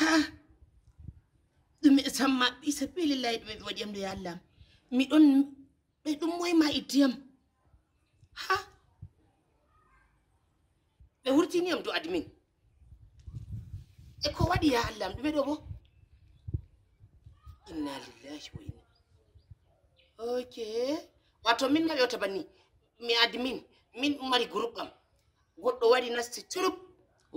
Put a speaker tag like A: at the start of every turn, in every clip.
A: ha ɗum e samma ɓisa ɓeli layɗo ɓe ɓe waɗiyam ɗo yallam mi ɗon ɓe ɗum moyema iddiyam ha ɓe wurtiniyam do admin e ko waɗi ya allahm ɗume ɗo bo inna lillahi wa inna ok wato min ma ɓewta banni mi admin min ɗum mari groupe am goɗɗo waɗi nasti turup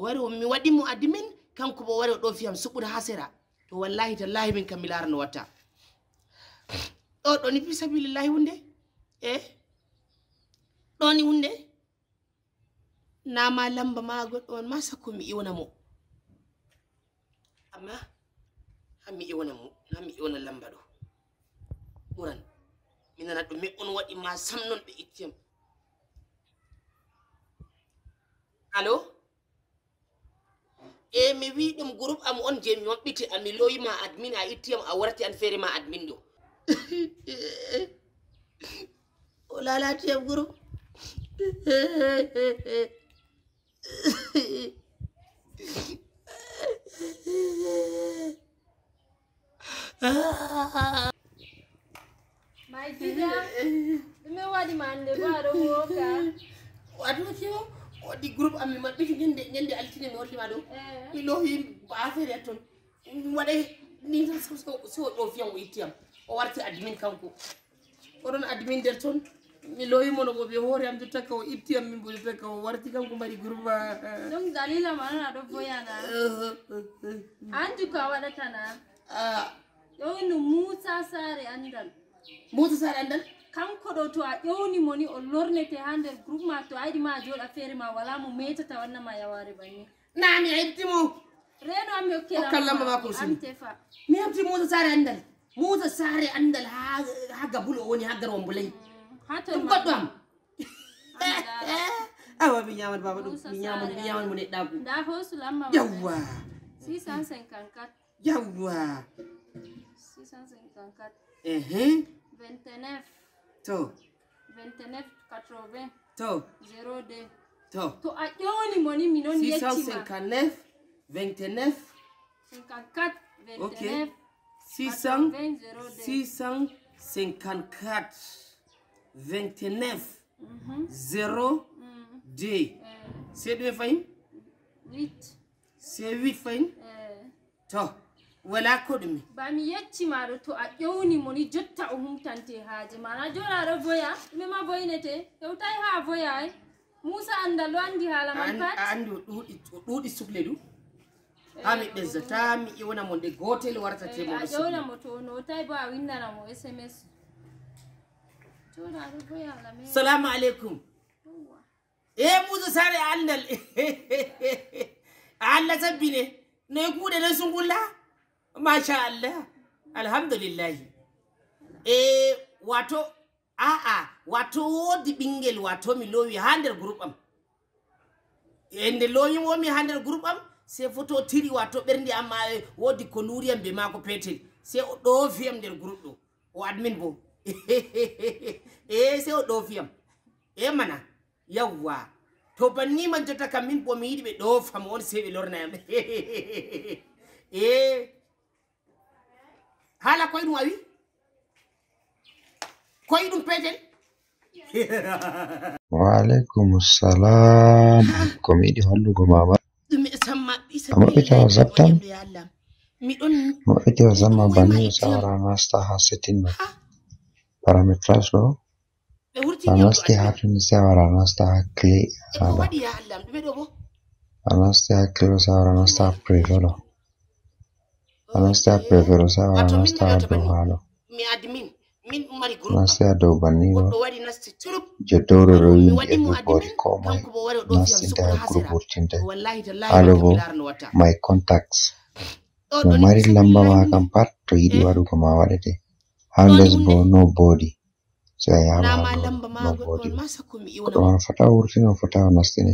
A: wari mi waɗimo admin kanko bo wari o ɗo fiyam suɓɓude ha sera to wallahi tallahi min kam mi laara no watta ɗo ɗoni fi sabilillahi hunde e ɗoni hunde nama lamba magoɗɗo on ma sakko mi iwna mo amma hammi iwna mo hammi iwna lamba ɗo ɓuran mi nana ɗum me on waɗi ma sam noon ɓe ittiyam allo e mi wi ɗum groupe am on je mi maɓɓiti ami loyima admin a ittiyam a warti an feere ma admin ɗo o lalatiyam groupe
B: maiɗume waɗi mande baɗo woka
A: watmotimo o di groupe ami ma ɓiki ñande
B: ñande altine mi wotlima ɗo mi eh.
A: lohi baafere toon waɗa ni soo ƴo fiyan o ittiyam o warti admin kanko oɗon admin nder toon mi lowi mono bo ɓe hoore am jotta ka o ittiyam min boɗi taka o warti kanko mbaɗi groupe eh. donc dalila manana ɗo boyana
B: eh, andi ko a waɗatana ɗo ah. no muusa saare andal muusa saare andal kanko do to a yoni mo ni o lornete ha nder ma to aidi ma jola joɗa ma wala mo wanna ma yaware bani na mi mo reno ami kala ma kursin
A: mi mo musa sare andal musa sare andal ha ha gabul o woni ha gar mm, to ma goddo am awa mi ñaman baba do mi ñaman mi ñaman mo
B: ma yawwa 654
A: yawwa
B: 654 eh 29 to 29 80 0, 2 to to a ƴewni 659
A: 29
B: 54 29 ok
A: 29 0 2 c'est 2 fahim 8 c'est 8 fahim euh. to wala kodumi
B: bami maro to a ni jotta o humtante haaje mana jora joɗaɗo boya me ɗumema boynete hewtai ha boyay musa andal o andi hala man pat
A: andu andi o ɗuuɗi suble du ha mi ɓezzata mi ƴewna mo nde gotel wartatemo eh, a ƴewnamo
B: to notai bo a windanamo sms joɗaɗo boya haala salamu
A: aleykum e musa sare a andal a allah sabbine noye kuuɗe noye sungulla machallah alhamdulillahi e wato aa wato woodi ɓingel wato mi lowi ha nder groupe am e nde lowimomi ha nder groupe am se foto tiri wato ɓernde amma woodi ko nuriyam be mako petel se o ɗofiyam nder groupe ɗo o admin bo e se o ɗofiyam e mana yawwa to bannima jotta kam min bo mi yiɗi ɓe ɗofam on se ɓe lornayam e hala koy dum awi koye ɗum peetel waaleykum salam komi yiɗi hollugo mama ta maɓɓita ya mi don mo ete zamma banni sawara ya- nasta ha setin ma para ɗo traslo Anasti ha fin se a wara a nasta ha clé aɗa a nasti ha clé ɗo sawara nasta ha prévo an bɛ se a perefere sa wa an bɛ se a dɔw ha bani lɔ je dɔwɛrɛ yi e bɛ bɔri kɔma ye na se da ya gurupu tinte my contacts oh, no mari eh? lamba ma kan pat to yiɗi waɗugo ma waɗete ha les bo no bodi sei a yama no bodi goɗɗo man fota wurtino fota o nastini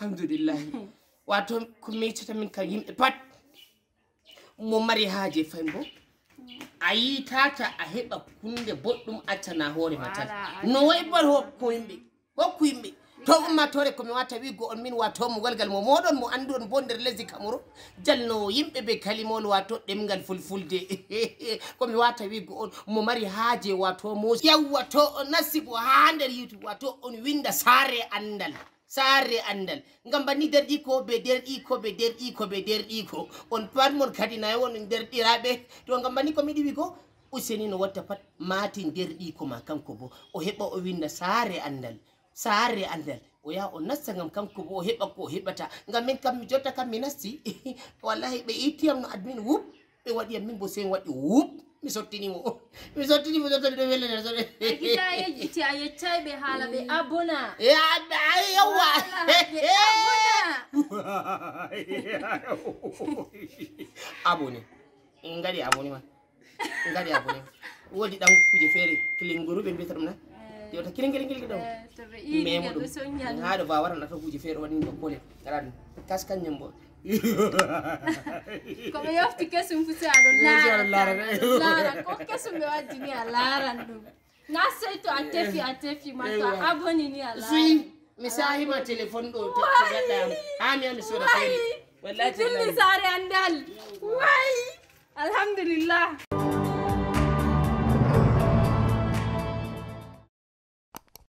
A: alhamdoulillahi wato ko meccata min kam yimɓe pat mo mari haaje fay bo a yitata a heɓa hunde boɗɗum accana hoore ma tan no way bal hokko yimɓe hokku yimɓe to ummatore komi watta wiggo on min wato mo golgal mo moɗon mo andu on bo nder leydi camaro jalnowo yimɓe ɓe kalimol wato ɗemgal fulfulde komi wata wiggo on mo mari haaje wato mo yawwa to o nasibo ha nder yiitu wato on winda saare andal saare andal ngam banni derɗiko be derɗiko be derɗiko be derɗiko on pat mon kadi nayi won en derɗiraɓe to ngam banni komi ɗiwi ko useni no watta pat maati derɗiko ma kanko bo o heɓa o winna saare andal saare andal o yaha o nasta ngam kanko bo o heɓa ko o heɓata ngam min kam mi jotta kam mi nasti wallahi ɓe ittiyam no admin wuppi ɓe wadi am min bo sen wadi wup mi mo mi mo jottani do wellene so kita
B: yejjiti a yeccay ɓe ya ɓe eh, abona yawwa
A: abone ngadi abone ma ngadi abone wodi ɗan kuje feere kilingoru ɓe mbiyata ɗum na yewta kirin kirin kirin ɗo memo ɗum ha ɗo ba waran to kuje fere wadi ko kole gaɗa kaskan nyambo Como
B: yo ti kesum fuse aro lara.
A: Lara, ko
B: kesum me wadi ni Lara ndo. Na sai to atefi atefi ma to aboni ni Lara. Sui,
A: mi sahi ma telefon do to gada. Ami ami so da kai. sare
B: andal. Wai. Alhamdulillah.